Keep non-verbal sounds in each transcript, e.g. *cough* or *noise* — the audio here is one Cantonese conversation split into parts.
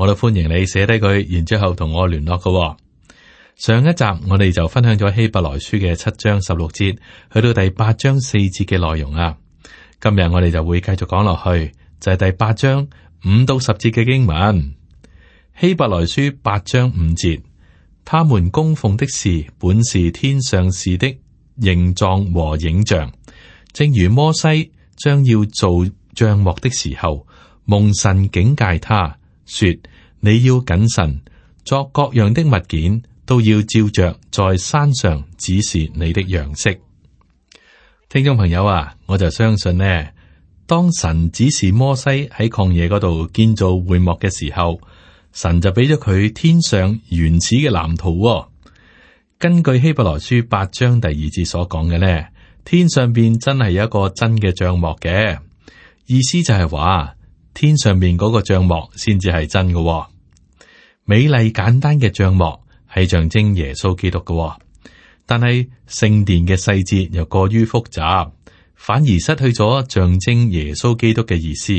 我都歡迎你寫低佢，然之後同我聯絡，哦。噶，上一集我哋就分享咗希伯來書嘅七章十六節，去到第八章四節嘅內容啊。今日我哋就會繼續講落去，就係、是、第八章五到十節嘅經文。希伯來書八章五節，他們供奉的事本是天上事的形狀和影像，正如摩西將要做帳幕的時候，蒙神警戒他。說你要謹慎，作各樣的物件都要照着，在山上指示你的樣式。聽眾朋友啊，我就相信呢，當神指示摩西喺曠野嗰度建造會幕嘅時候，神就俾咗佢天上原始嘅藍圖，哦。根據希伯來書八章第二節所講嘅呢，天上邊真係有一個真嘅帳幕嘅，意思就係話。天上面嗰個帳幕先至係真嘅，哦，美麗簡單嘅帳幕係象徵耶穌基督嘅，哦。但係聖殿嘅細節又過於複雜，反而失去咗象徵耶穌基督嘅意思。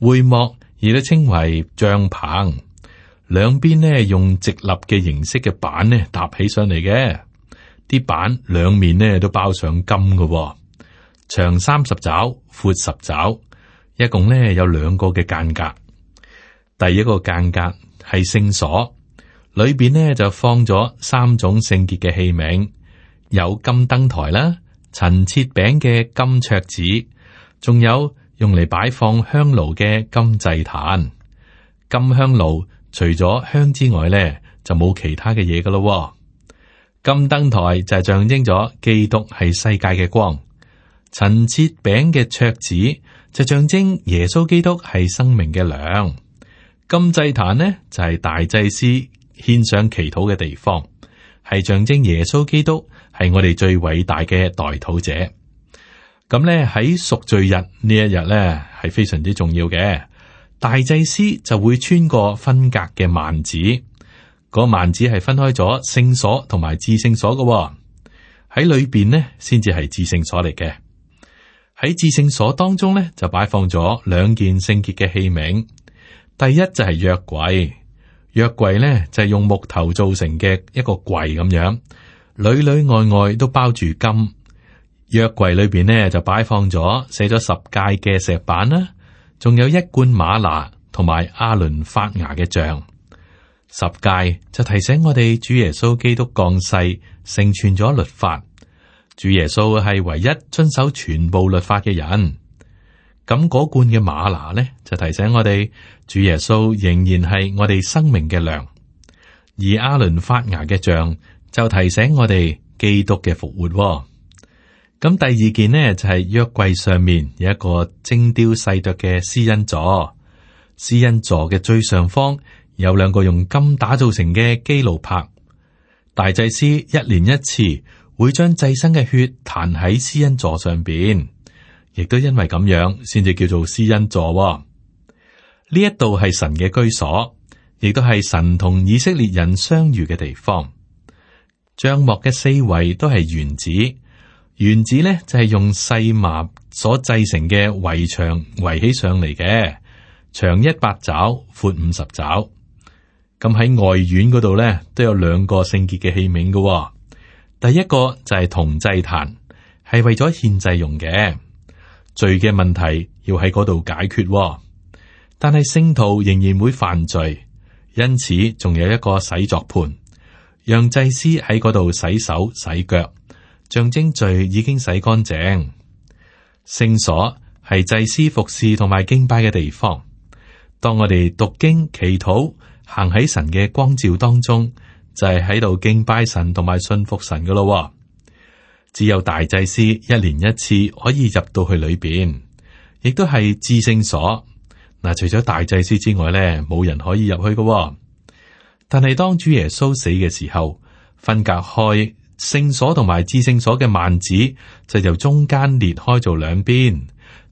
會幕亦都稱為帳棚，兩邊呢用直立嘅形式嘅板呢搭起上嚟嘅，啲板兩面呢都包上金嘅，哦，長三十肘，闊十肘。一共咧有兩個嘅間隔，第一個間隔係聖所裏邊咧就放咗三種聖潔嘅器皿，有金燈台啦，陳切餅嘅金桌子，仲有用嚟擺放香爐嘅金祭壇。金香爐除咗香之外咧就冇其他嘅嘢噶啦。金燈台就係象徵咗基督係世界嘅光。陳切餅嘅桌子。就象徵耶穌基督係生命嘅糧，金祭壇呢就係、是、大祭司獻上祈禱嘅地方，係象徵耶穌基督係我哋最偉大嘅代禱者。咁咧喺贖罪日呢一日咧係非常之重要嘅，大祭司就會穿過分隔嘅幔子，嗰、那、幔、個、子係分開咗聖所同埋至聖所嘅喎、哦，喺裏邊呢先至係至聖所嚟嘅。喺至聖所當中咧，就擺放咗兩件聖潔嘅器皿。第一就係約櫃，約櫃咧就係、是、用木頭做成嘅一個櫃咁樣，裏裏外外都包住金。約櫃裏邊咧就擺放咗寫咗十誡嘅石板啦，仲有一罐馬拿同埋阿倫發芽嘅杖。十誡就提醒我哋主耶穌基督降世，成全咗律法。主耶穌係唯一遵守全部律法嘅人，咁嗰罐嘅馬拿咧就提醒我哋，主耶穌仍然係我哋生命嘅糧；而阿倫發芽嘅像就提醒我哋基督嘅復活。咁第二件呢，就係約櫃上面有一個精雕細琢嘅施恩座，施恩座嘅最上方有兩個用金打造成嘅基路柏。大祭司一年一次。.會將祭牲嘅血彈喺施恩座上邊，亦都因為咁樣，先至叫做施恩座。呢一度係神嘅居所，亦都係神同以色列人相遇嘅地方。帳幕嘅四圍都係原子，原子咧就係用細麻所製成嘅圍牆圍起上嚟嘅，長一百肘，闊五十肘，咁喺外院嗰度咧，都有兩個聖潔嘅器皿嘅。第一個就係銅祭壇，係為咗獻祭用嘅。罪嘅問題要喺嗰度解決，哦，但係聖徒仍然會犯罪，因此仲有一個洗濯盆，讓祭司喺嗰度洗手洗腳，象徵罪已經洗乾淨。聖所係祭司服侍同埋敬拜嘅地方，當我哋讀經祈禱，行喺神嘅光照當中。就係喺度敬拜神同埋信服神噶咯、哦，只有大祭司一年一次可以入到去裏邊，亦都係至聖所。嗱，啊，除咗大祭司之外咧，冇人可以入去噶、哦。但係當主耶穌死嘅時候，分隔開聖所同埋至聖所嘅幔子，就由中間裂開做兩邊，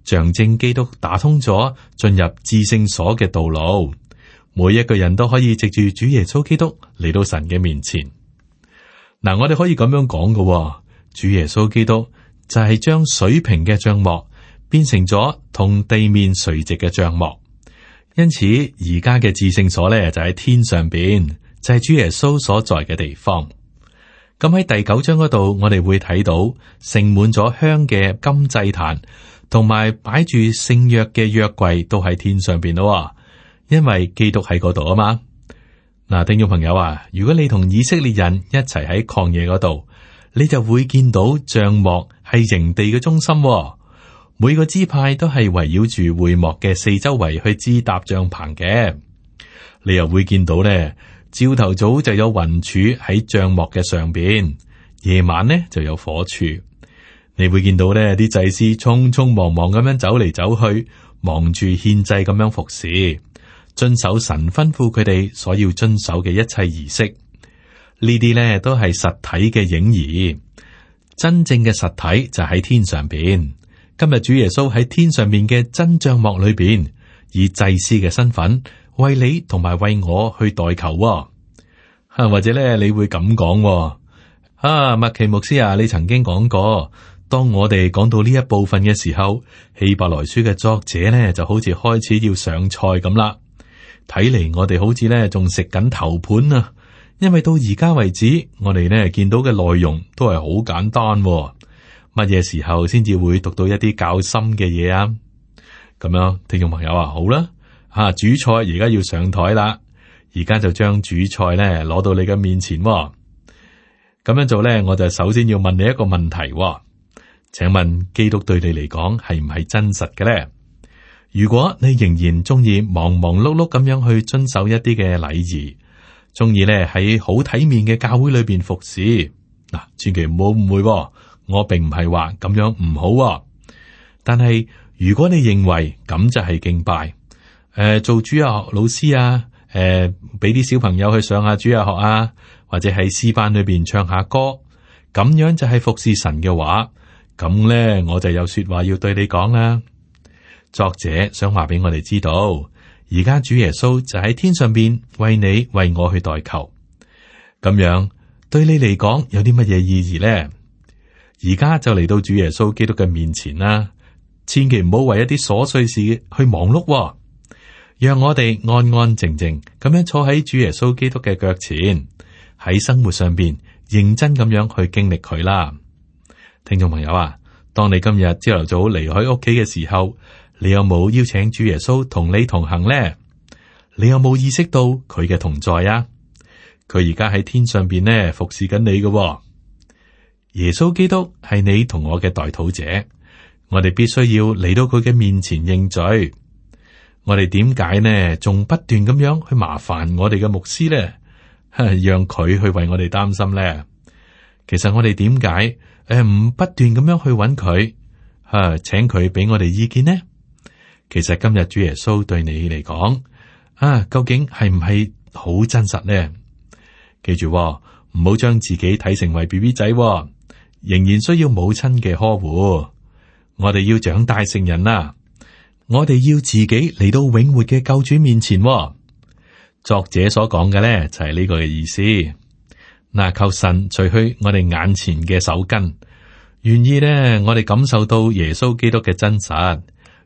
象徵基督打通咗進入至聖所嘅道路。每一個人都可以藉住主耶穌基督嚟到神嘅面前。嗱，我哋可以咁樣講嘅，主耶穌基督就係將水平嘅帳幕變成咗同地面垂直嘅帳幕。因此，而家嘅至聖所咧就喺天上邊，就係主耶穌所在嘅地方。咁喺第九章嗰度，我哋會睇到盛滿咗香嘅金祭壇，同埋擺住聖約嘅約櫃都喺天上邊咯。因為基督喺嗰度啊嘛，嗱，聽眾朋友啊，如果你同以色列人一齊喺曠野嗰度，你就會見到帳幕係營地嘅中心啊。每個支派都係圍繞住會幕嘅四周圍去支搭帳棚嘅。你又會見到咧，朝頭早就有雲柱喺帳幕嘅上邊，夜晚咧就有火柱。你會見到咧啲祭司匆匆忙忙咁樣走嚟走去，忙住獻祭咁樣服侍。遵守神吩咐佢哋所要遵守嘅一切儀式，呢啲咧都係實體嘅影兒。真正嘅實體就喺天上邊。今日主耶穌喺天上面嘅真帳幕裏邊，以祭司嘅身份為你同埋為我去代求、哦。吓、啊、或者咧，你會咁講、哦、啊？麥奇牧師啊，你曾經講過，當我哋講到呢一部分嘅時候，希伯來書嘅作者咧就好似開始要上菜咁啦。睇嚟我哋好似咧仲食緊頭盤啊！因為到而家為止，我哋咧見到嘅內容都係好簡單啊。乜嘢時候先至會讀到一啲較深嘅嘢啊？咁樣聽眾朋友啊，好啦，吓，主菜而家要上台啦，而家就將主菜咧攞到你嘅面前啊。咁樣做咧，我就首先要問你一個問題啊：請問基督對你嚟講係唔係真實嘅咧？如果你仍然中意忙忙碌碌咁樣去遵守一啲嘅禮儀，中意咧喺好體面嘅教會裏邊服侍，嗱，千祈唔好誤會，我並唔係話咁樣唔好。但係如果你認為咁就係敬拜，誒、呃、做主日學老師啊，誒俾啲小朋友去上下主日學啊，或者喺詩班裏邊唱下歌，咁樣就係服侍神嘅話，咁咧我就有說話要對你講啦。作者想話俾我哋知道，而家主耶穌就喺天上邊為你為我去代求，咁樣對你嚟講有啲乜嘢意義咧？而家就嚟到主耶穌基督嘅面前啦，千祈唔好為一啲瑣碎事去忙碌，讓我哋安安靜靜咁樣坐喺主耶穌基督嘅腳前，喺生活上邊認真咁樣去經歷佢啦。聽眾朋友啊，當你今日朝頭早離開屋企嘅時候。你有冇邀請主耶穌同你同行咧？你有冇意識到佢嘅同在啊？佢而家喺天上邊咧服侍緊你嘅，哦。耶穌基督係你同我嘅代禱者，我哋必須要嚟到佢嘅面前認罪。我哋點解呢？仲不斷咁樣去麻煩我哋嘅牧師咧，哈， *laughs* 讓佢去為我哋擔心咧。其實我哋點解誒唔不斷咁樣去揾佢，吓 *laughs* 請佢俾我哋意見呢？其實今日主耶穌對你嚟講啊，究竟係唔係好真實呢？記住唔好將自己睇成為 BB 仔、哦，仍然需要母親嘅呵護。我哋要長大成人啦，我哋要自己嚟到永活嘅救主面前、哦。作者所講嘅咧就係呢個嘅意思。嗱，求神除去我哋眼前嘅手巾，願意咧我哋感受到耶穌基督嘅真實。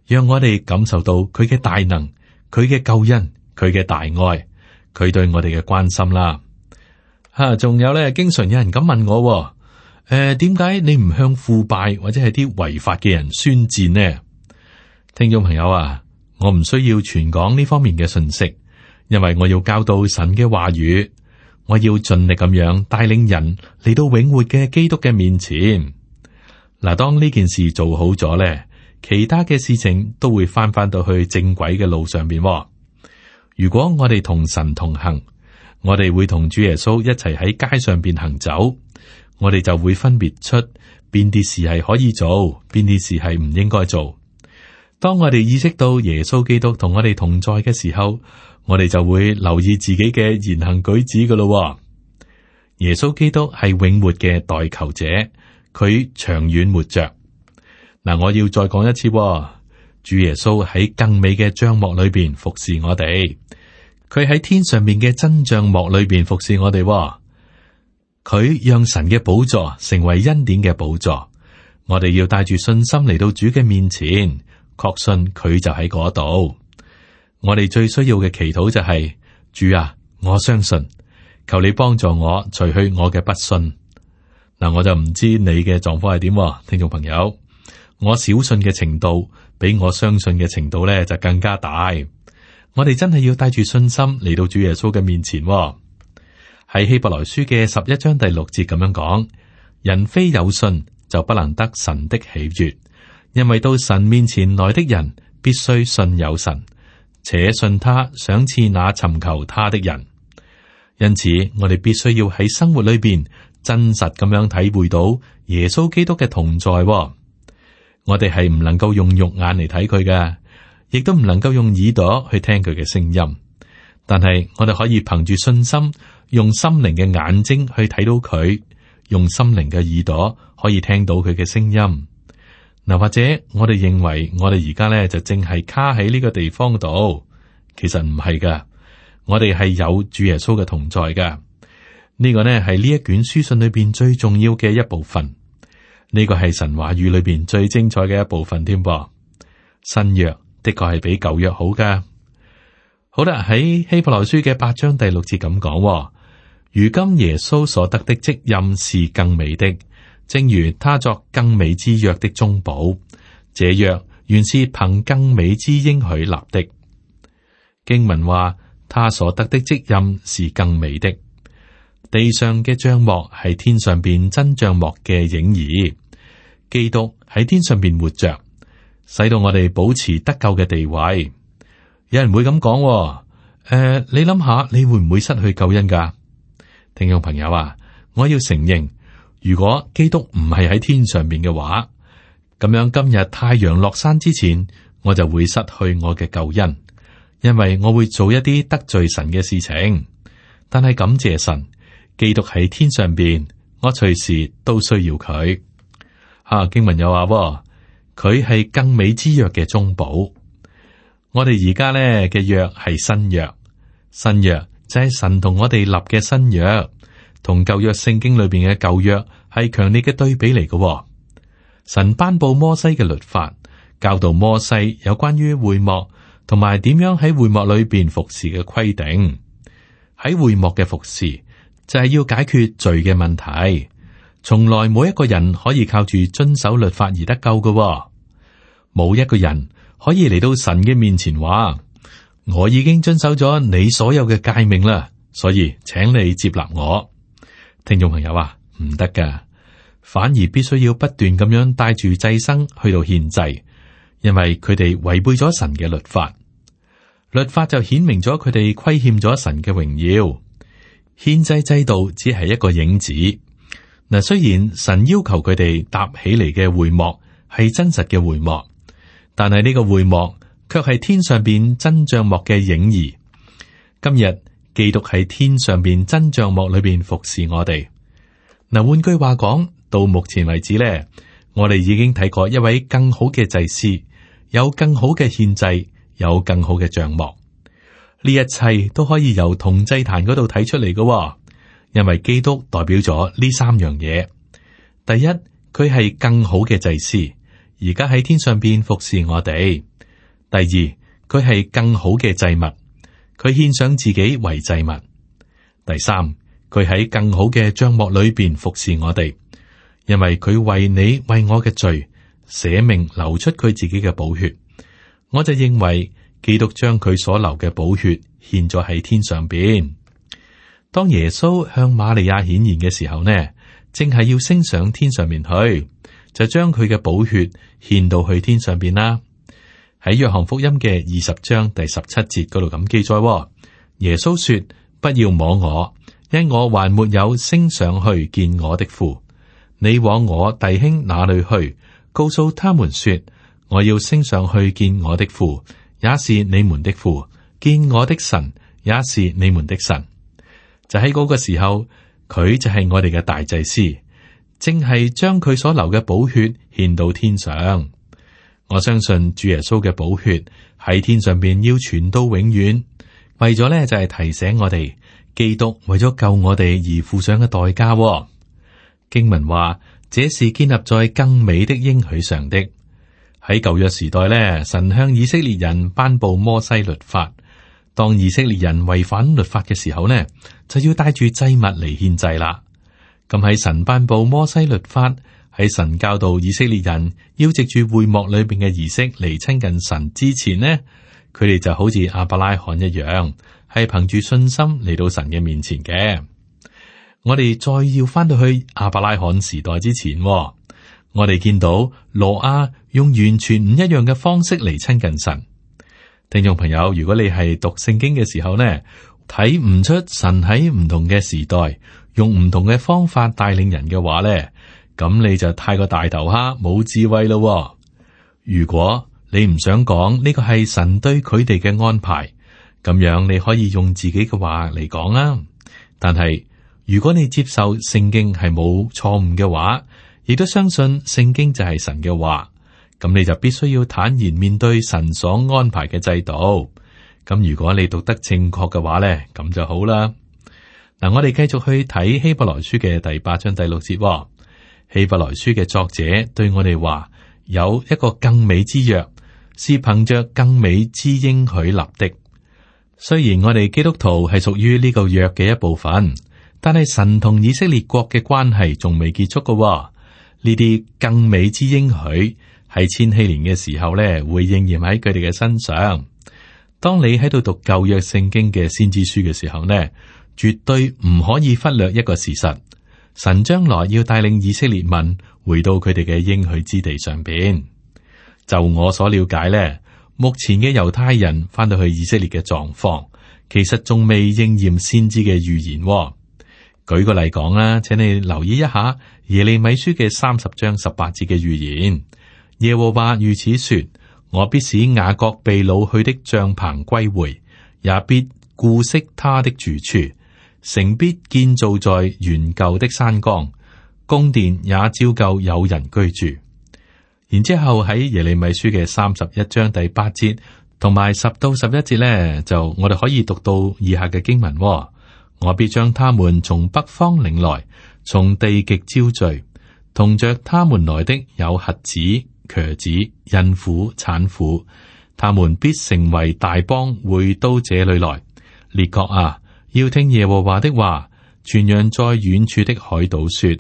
讓我哋感受到佢嘅大能、佢嘅救恩、佢嘅大愛、佢對我哋嘅關心啦。吓、啊，仲有咧，經常有人咁問我，誒、啊，點解你唔向腐敗或者係啲違法嘅人宣戰呢？聽眾朋友啊，我唔需要傳講呢方面嘅信息，因為我要教導神嘅話語，我要盡力咁樣帶領人嚟到永活嘅基督嘅面前。嗱、啊，當呢件事做好咗咧。其他嘅事情都會翻翻到去正軌嘅路上邊。如果我哋同神同行，我哋會同主耶穌一齊喺街上邊行走。我哋就會分別出邊啲事係可以做，邊啲事係唔應該做。當我哋意識到耶穌基督同我哋同在嘅時候，我哋就會留意自己嘅言行舉止嘅咯。耶穌基督係永活嘅代求者，佢長遠活着。嗱，我要再講一次，哦，主耶穌喺更美嘅帳幕裏邊服侍我哋，佢喺天上面嘅真帳幕裏邊服侍我哋，哦。佢讓神嘅寶座成為恩典嘅寶座。我哋要帶住信心嚟到主嘅面前，確信佢就喺嗰度。我哋最需要嘅祈禱就係、是、「主啊，我相信，求你幫助我，除去我嘅不信。」嗱，我就唔知你嘅狀況係點，聽眾朋友。我小信嘅程度，比我相信嘅程度咧就更加大。我哋真係要帶住信心嚟到主耶穌嘅面前、哦。喺希伯來書嘅十一章第六節咁樣講：人非有信就不能得神的喜悅，因為到神面前來的人必須信有神，且信他賞賜那尋求他的人。因此，我哋必須要喺生活裏邊真實咁樣體會到耶穌基督嘅同在、哦。我哋係唔能夠用肉眼嚟睇佢嘅，亦都唔能夠用耳朵去聽佢嘅聲音。但係我哋可以憑住信心，用心靈嘅眼睛去睇到佢，用心靈嘅耳朵可以聽到佢嘅聲音。嗱，或者我哋認為我哋而家咧就淨係卡喺呢個地方度，其實唔係噶。我哋係有主耶穌嘅同在噶。呢個呢係呢一卷書信裏邊最重要嘅一部分。呢個係神話語裏邊最精彩嘅一部分添。新約的確係比舊約好嘅。好啦，喺希伯來書嘅八章第六節咁講：如今耶穌所得的職任是更美的，正如他作更美之約的中保。這約原是憑更美之應許立的。經文話，他所得的職任是更美的。地上嘅帳幕係天上邊真帳幕嘅影兒。基督喺天上邊活着，使到我哋保持得救嘅地位。有人會咁講、哦，誒、呃，你諗下，你會唔會失去救恩噶？聽眾朋友啊，我要承認，如果基督唔係喺天上邊嘅話，咁樣今日太陽落山之前，我就會失去我嘅救恩，因為我會做一啲得罪神嘅事情。但係感謝神，基督喺天上邊，我隨時都需要佢。啊經文又話，佢係更美之約嘅中保。我哋而家咧嘅約係新約，新約就係神同我哋立嘅新約，同舊約聖經裏邊嘅舊約係強烈嘅對比嚟嘅。神頒布摩西嘅律法，教導摩西有關於會幕同埋點樣喺會幕裏邊服侍嘅規定。喺會幕嘅服侍就係、是、要解決罪嘅問題。從來冇一個人可以靠住遵守律法而得救嘅。哦，冇一個人可以嚟到神嘅面前話：我已經遵守咗你所有嘅誡命啦，所以請你接納我。聽眾朋友話，唔得噶，反而必須要不斷咁樣帶住祭牲去到獻祭，因為佢哋違背咗神嘅律法，律法就顯明咗佢哋虧欠咗神嘅榮耀。獻祭制，制度只係一個影子。嗱，雖然神要求佢哋搭起嚟嘅會幕係真實嘅會幕，但係呢個會幕卻係天上邊真帳幕嘅影兒。今日基督喺天上面真帳幕裏邊服侍我哋。嗱，換句話講，到目前為止咧,我哋已經睇過一位更好嘅祭司，有更好嘅獻祭，有更好嘅帳幕。呢一切都可以由銅祭壇嗰度睇出嚟㗎喎。因為基督代表咗呢三樣嘢，第一，佢係更好嘅祭司，而家喺天上邊服侍我哋；第二，佢係更好嘅祭物，佢獻上自己為祭物；第三，佢喺更好嘅帳幕裏邊服侍我哋，因為佢為你為我嘅罪捨命流出佢自己嘅寶血。我就認為基督將佢所流嘅寶血獻咗喺天上邊。當耶穌向馬利亞顯現嘅時候呢，正係要升上天上面去，就將佢嘅寶血獻到去天上邊啦。喺約翰福音嘅二十章第十七節嗰度咁記載，耶穌說：不要摸我，因我還沒有升上去見我的父。你往我弟兄那裡去，告訴他們說：我要升上去見我的父，也是你們的父，見我的神，也是你們的神。就喺嗰個時候，佢就係我哋嘅大祭司，正係將佢所流嘅寶血獻到天上。我相信主耶穌嘅寶血喺天上邊要傳到永遠，為咗咧就係、是、提醒我哋，基督為咗救我哋而付上嘅代價。經文話，這是建立在更美的應許上的。喺舊約時代咧，神向以色列人頒布摩西律法。當以色列人違反律法嘅時候呢，就要帶住祭物嚟獻祭啦。咁喺神頒布摩西律法，喺神教導以色列人要藉住會幕裏邊嘅儀式嚟親近神之前呢，佢哋就好似亞伯拉罕一樣，係憑住信心嚟到神嘅面前嘅。我哋再要翻到去亞伯拉罕時代之前，我哋見到挪亞用完全唔一樣嘅方式嚟親近神。聽眾朋友，如果你係讀聖經嘅時候呢，睇唔出神喺唔同嘅時代用唔同嘅方法帶領人嘅話呢，咁你就太過大頭蝦，冇智慧咯喎。如果你唔想講呢個係神對佢哋嘅安排，咁樣你可以用自己嘅話嚟講啊。但係如果你接受聖經係冇錯誤嘅話，亦都相信聖經就係神嘅話。咁你就必須要坦然面對神所安排嘅制度。咁如果你讀得正確嘅話咧，咁就好啦。嗱，我哋繼續去睇希伯來書嘅第八章第六節哦。希伯來書嘅作者對我哋話有一個更美之約，是憑着更美之應許立的。雖然我哋基督徒係屬於呢個約嘅一部分，但係神同以色列國嘅關係仲未結束嘅哦。呢啲更美之應許。喺千禧年嘅時候咧，會應驗喺佢哋嘅身上。當你喺度讀舊約聖經嘅先知書嘅時候呢，絕對唔可以忽略一個事實：神將來要帶領以色列民回到佢哋嘅應許之地上邊。就我所了解呢，目前嘅猶太人翻到去以色列嘅狀況，其實仲未應驗先知嘅預言。舉個例講啦，請你留意一下耶利米書嘅三十章十八節嘅預言。耶和華如此說：我必使雅各被擄去的帳篷歸回，也必顧惜他的住處。城必建造在原舊的山崗，宮殿也照舊有人居住。然之後喺耶利米書嘅三十一章第八節同埋十到十一節咧，就我哋可以讀到以下嘅經文、哦：我必將他們從北方領來，從地極招聚，同着他們來的有核子。瘸子、孕婦、產婦，他們必成為大幫回到這裏來。列國啊，要聽耶和華的話，傳揚在遠處的海島，說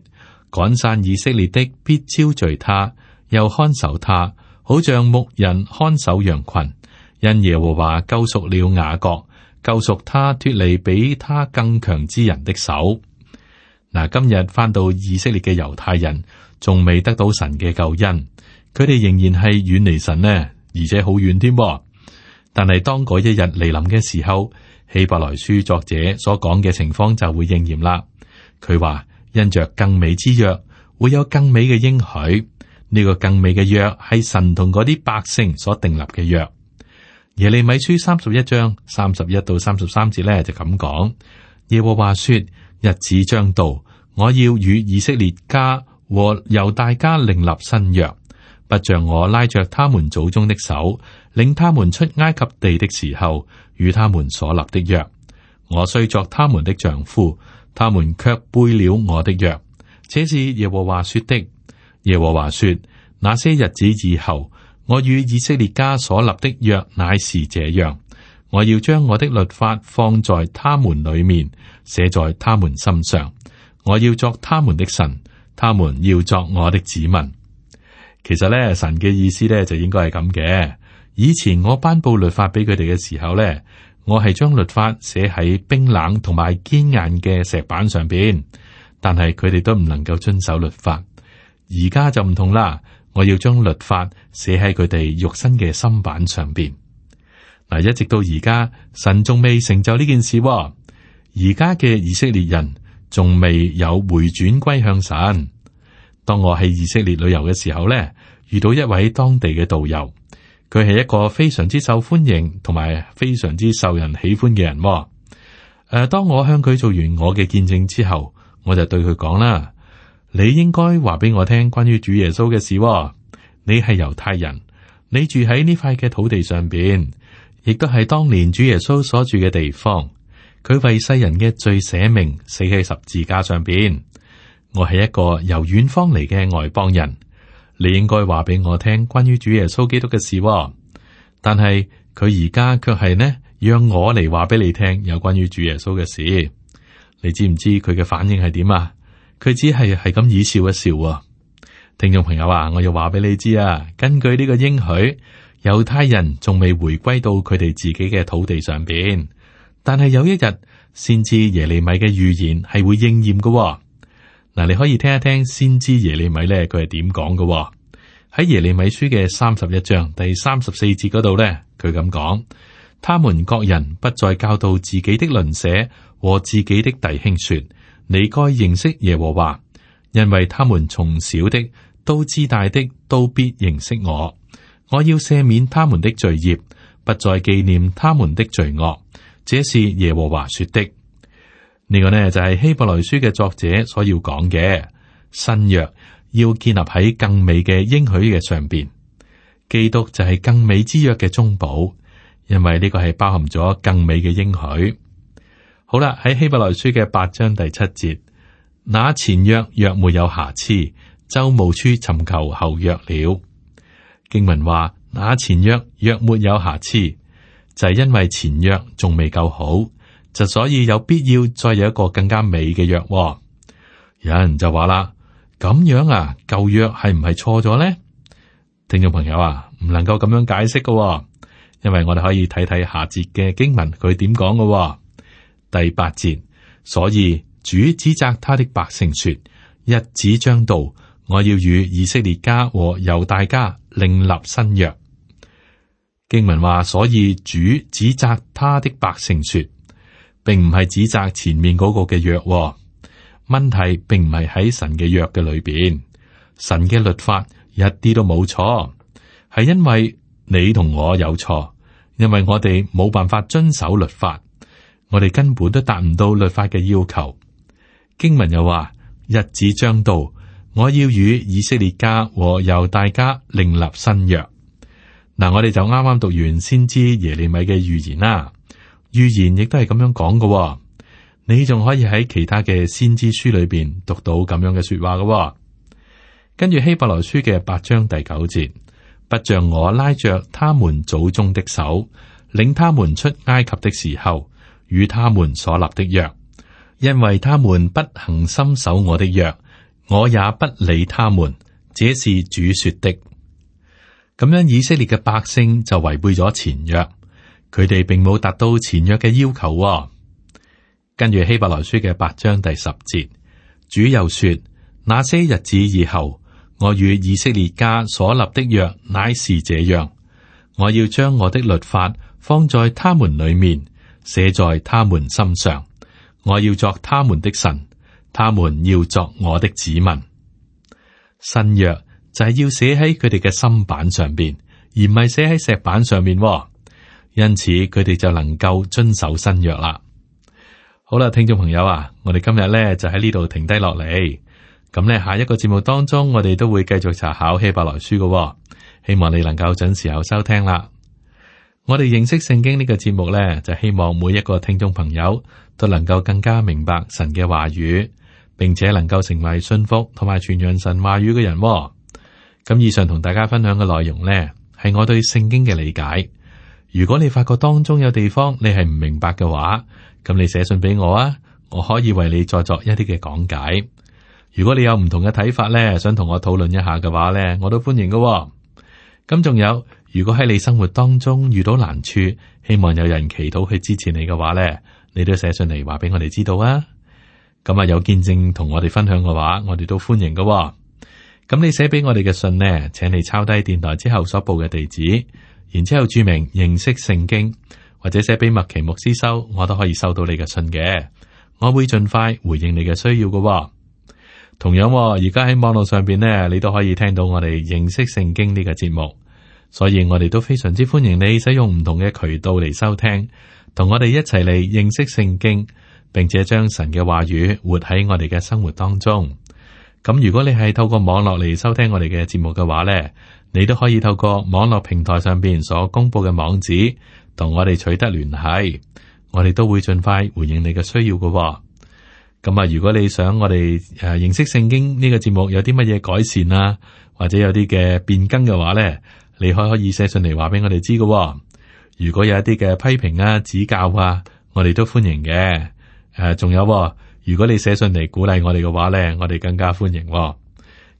趕散以色列的必招聚他，又看守他，好像牧人看守羊群。因耶和華救贖了雅各，救贖他脱離比他更強之人的手。嗱、嗯，今日翻到以色列嘅猶太人，仲未得到神嘅救恩。佢哋仍然係遠離神呢，而且好遠添。但係當嗰一日來臨嘅時候，希伯來書作者所講嘅情況就會應驗啦。佢話因着更美之約，會有更美嘅應許。呢、這個更美嘅約係神同嗰啲百姓所訂立嘅約。耶利米書三十一章三十一到三十三節咧就咁講。耶和華說：日子將到，我要與以色列家和猶大家另立新約。不像我拉着他們祖宗的手，領他們出埃及地的時候，與他們所立的約，我雖作他們的丈夫，他們却背了我的約。這是耶和華說的。耶和華說：那些日子以後，我與以色列家所立的約乃是這樣，我要將我的律法放在他們裡面，寫在他們心上，我要作他們的神，他們要作我的子民。其實咧，神嘅意思咧就應該係咁嘅。以前我頒布律法俾佢哋嘅時候咧，我係將律法寫喺冰冷同埋堅硬嘅石板上邊，但係佢哋都唔能夠遵守律法。而家就唔同啦，我要將律法寫喺佢哋肉身嘅心板上邊。嗱，一直到而家，神仲未成就呢件事喎，而家嘅以色列人仲未有回轉歸向神。當我喺以色列旅遊嘅時候呢，遇到一位當地嘅導遊，佢係一個非常之受歡迎同埋非常之受人喜歡嘅人。誒、呃，當我向佢做完我嘅見證之後，我就對佢講啦：你應該話俾我聽關於主耶穌嘅事。你係猶太人，你住喺呢塊嘅土地上邊，亦都係當年主耶穌所住嘅地方。佢為世人嘅罪捨命，死喺十字架上邊。我係一個由遠方嚟嘅外邦人，你應該話俾我聽關於主耶穌基督嘅事、哦。但係佢而家卻係呢，讓我嚟話俾你聽有關於主耶穌嘅事。你知唔知佢嘅反應係點啊？佢只係係咁以笑一笑啊、哦。聽眾朋友啊，我又話俾你知啊，根據呢個應許，猶太人仲未回歸到佢哋自己嘅土地上邊，但係有一日先知耶利米嘅預言係會應驗噶、哦。嗱，你可以聽一聽先知耶利米咧，佢係點講嘅？喺耶利米書嘅三十一章第三十四節嗰度咧，佢咁講：他們各人不再教導自己的鄰舍和自己的弟兄說：你該認識耶和華，因為他們從小的都知大的，都必認識我。我要赦免他們的罪孽，不再紀念他們的罪惡。這是耶和華說的。呢個呢就係、是、希伯來書嘅作者所要講嘅新約，要建立喺更美嘅應許嘅上邊。基督就係更美之約嘅中保，因為呢個係包含咗更美嘅應許。好啦，喺希伯來書嘅八章第七節，那前約若，若，若沒有瑕疵，就無處尋求後約了。經文話，那前約若沒有瑕疵，就係因為前約仲未夠好。就所以有必要再有一個更加美嘅約、哦，有人就話啦：咁樣啊，舊約係唔係錯咗咧？聽眾朋友啊，唔能夠咁樣解釋嘅、哦，因為我哋可以睇睇下節嘅經文佢點講嘅。第八節，所以主指責他的百姓說：日子將到，我要與以色列家和猶大家另立新約。經文話，所以主指責他的百姓說。並唔係指責前面嗰個嘅約、哦，問題並唔係喺神嘅約嘅裏邊，神嘅律法一啲都冇錯，係因為你同我有錯，因為我哋冇辦法遵守律法，我哋根本都達唔到律法嘅要求。經文又話：日子將到，我要與以色列家和猶大家另立新約。嗱，我哋就啱啱讀完先知耶利米嘅預言啦、啊。預言亦都係咁樣講嘅、哦，你仲可以喺其他嘅先知書裏邊讀到咁樣嘅說話嘅、哦。跟住希伯來書嘅八章第九節，不像我拉着他們祖宗的手，領他們出埃及的時候，與他們所立的約，因為他們不恆心守我的約，我也不理他們，這是主說的。咁樣以色列嘅百姓就違背咗前約。佢哋並冇達到前約嘅要求哦。跟住希伯來書嘅八章第十節，主又說：那些日子以後，我與以色列家所立的約，乃是這樣，我要將我的律法放在他們裏面，寫在他們心上，我要作他們的神，他們要作我的子民。新約就係要寫喺佢哋嘅心板上邊，而唔係寫喺石板上面哦。因此，佢哋就能夠遵守新約啦。好啦，聽眾朋友啊，我哋今日咧就喺呢度停低落嚟。咁咧，下一個節目當中，我哋都會繼續查考希伯來書嘅、哦。希望你能夠準時有收聽啦。我哋認識聖經呢個節目咧，就希望每一個聽眾朋友都能夠更加明白神嘅話語，並且能夠成為信服同埋傳揚神話語嘅人、哦。咁以上同大家分享嘅內容呢，係我對聖經嘅理解。如果你發覺當中有地方你係唔明白嘅話，咁你寫信俾我啊，我可以為你再作，作一啲嘅講解。如果你有唔同嘅睇法咧，想同我討論一下嘅話咧，我都歡迎噶喎。咁仲有，如果喺你生活當中遇到難處，希望有人祈禱去支持你嘅話咧，你都寫信嚟話俾我哋知道啊。咁啊，有見證同我哋分享嘅話，我哋都歡迎噶喎。咁你寫俾我哋嘅信呢，請你抄低電台之後所報嘅地址，然之後注明認識聖經，或者寫俾麥奇牧師收，我都可以收到你嘅信嘅。我會盡快回應你嘅需要嘅。同樣，而家喺網絡上邊呢，你都可以聽到我哋認識聖經呢個節目。所以我哋都非常之歡迎你使用唔同嘅渠道嚟收聽，同我哋一齊嚟認識聖經，並且將神嘅話語活喺我哋嘅生活當中。咁如果你係透過網絡嚟收聽我哋嘅節目嘅話呢，你都可以透過網絡平台上邊所公布嘅網址，同我哋取得聯繫，我哋都會盡快回應你嘅需要嘅，哦。咁啊，如果你想我哋誒，啊、認識聖經呢個節目有啲乜嘢改善啊，或者有啲嘅變更嘅話呢，你可可以寫信嚟話俾我哋知嘅。如果有一啲嘅批評啊、指教啊，我哋都歡迎嘅。誒，啊，仲有，啊，如果你寫信嚟鼓勵我哋嘅話呢，我哋更加歡迎，啊。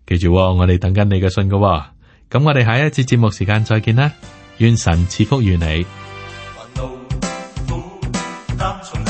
記住、啊，我哋等緊你嘅信嘅，啊。咁我哋下一節節目時間再見啦，願神賜福於你。 *noise*